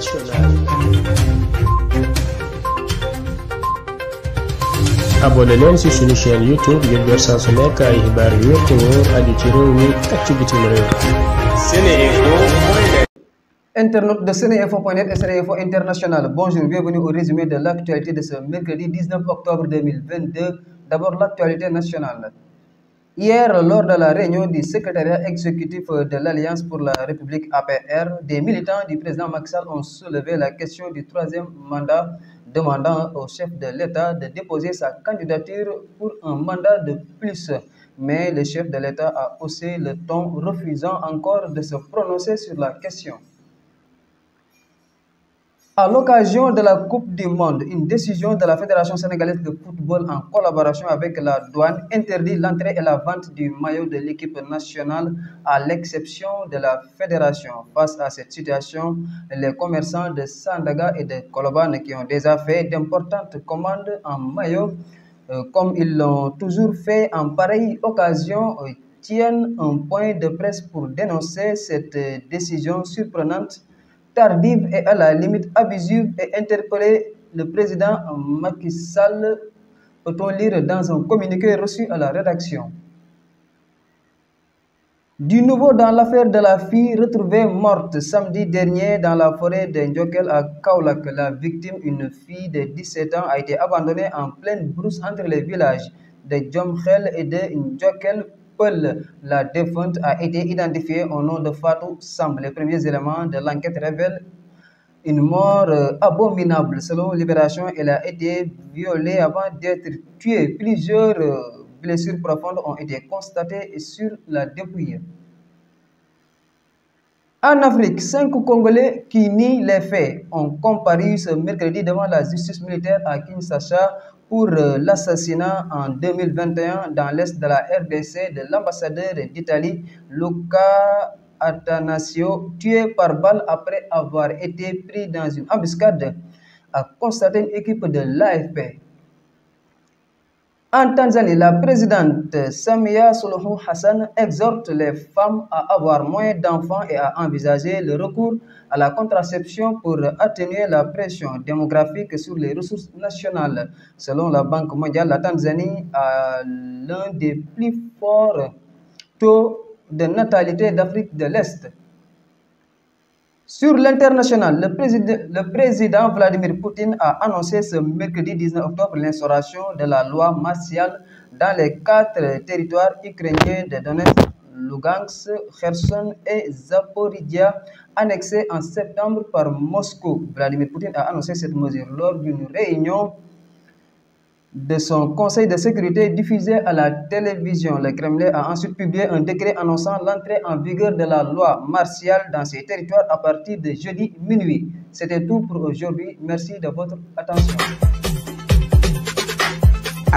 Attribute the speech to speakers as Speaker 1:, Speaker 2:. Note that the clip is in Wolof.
Speaker 1: internationale. abonné leen ci suñu chaîne youtube ngir jot saa su nekk ay xibaar yu wér te wóor aju ci réew mi ak ci bitim réew. seneinfo.net Internautes de seneinfo.net et seneinfo international bonjour bienvenue au résumé de l'actualité de ce mercredi octobre 2022 l'actualité nationale. Hier, lors de la réunion du secrétariat exécutif de l'Alliance pour la République APR, des militants du président Maxal ont soulevé la question du troisième mandat, demandant au chef de l'État de déposer sa candidature pour un mandat de plus. Mais le chef de l'État a haussé le ton, refusant encore de se prononcer sur la question. À l'occasion de la Coupe du Monde, une décision de la Fédération sénégalaise de football en collaboration avec la douane interdit l'entrée et la vente du maillot de l'équipe nationale à l'exception de la fédération. Face à cette situation, les commerçants de Sandaga et de Colobane qui ont déjà fait d'importantes commandes en maillot, euh, comme ils l'ont toujours fait en pareille occasion, euh, tiennent un point de presse pour dénoncer cette euh, décision surprenante tardive et à la limite abusive et interpeller le président Macky Sall, peut-on lire dans un communiqué reçu à la rédaction. Du nouveau dans l'affaire de la fille retrouvée morte samedi dernier dans la forêt de Ndjokel à Kaulak, la victime, une fille de 17 ans, a été abandonnée en pleine brousse entre les villages de Djomkhel et de Ndjokel Peul. La défunte a été identifiée au nom de Fatou Samb. Les premiers éléments de l'enquête révèlent une mort euh, abominable. Selon Libération, elle a été violée avant d'être tuée. Plusieurs euh, blessures profondes ont été constatées sur la dépouille. En Afrique, cinq Congolais qui nient les faits ont comparu ce mercredi devant la justice militaire à Kinshasa pour euh, l'assassinat en 2021 dans l'est de la RDC de l'ambassadeur d'Italie, Luca Atanasio, tué par balle après avoir été pris dans une embuscade, a constaté une équipe de l'AFP. En Tanzanie, la présidente Samia Suluhu Hassan exhorte les femmes à avoir moins d'enfants et à envisager le recours à la contraception pour atténuer la pression démographique sur les ressources nationales. Selon la Banque mondiale, la Tanzanie a l'un des plus forts taux de natalité d'Afrique de l'Est. Sur l'international, le président, le président, Vladimir Poutine a annoncé ce mercredi 19 octobre de la loi martiale dans les quatre territoires ukrainiens de Donetsk, Lugansk, en septembre par Moscou. Vladimir Poutine a annoncé cette de son conseil de sécurité diffusé à la télévision. Le Kremlin a ensuite publié un décret annonçant l'entrée en vigueur de la loi martiale dans ses territoires à partir de jeudi minuit. C'était tout pour aujourd'hui. Merci de votre attention.